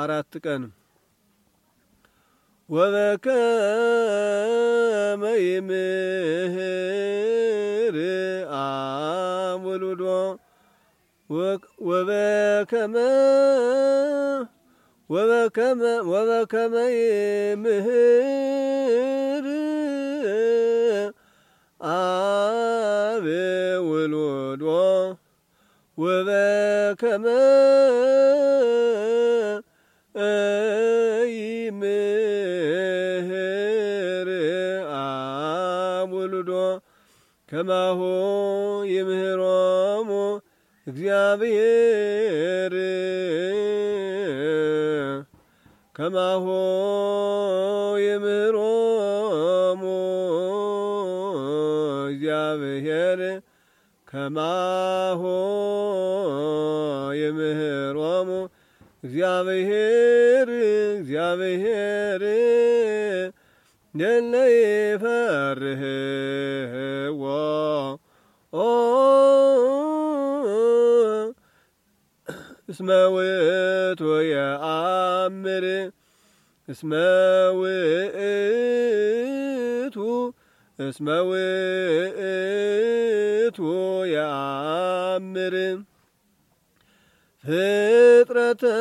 አራት ቀን ወበከመ ይምህር አምልዶ ወልዶ ወበከመ ወበከመ ወበከመ ይምህር አብ ወልዶ ወበከመ ይምህር አብ ከማሁ ይምህሮሙ እግዚአብሔር ከማሁ ይምህሮሙ እግዚአብሔር ከማሁ እግዚአብሔር እግዚአብሔር ደለ ይፈርህዎ እስመ ውእቱ የአምር እስመ ውእቱ እስመ ውእቱ የአምር ፍጥረተ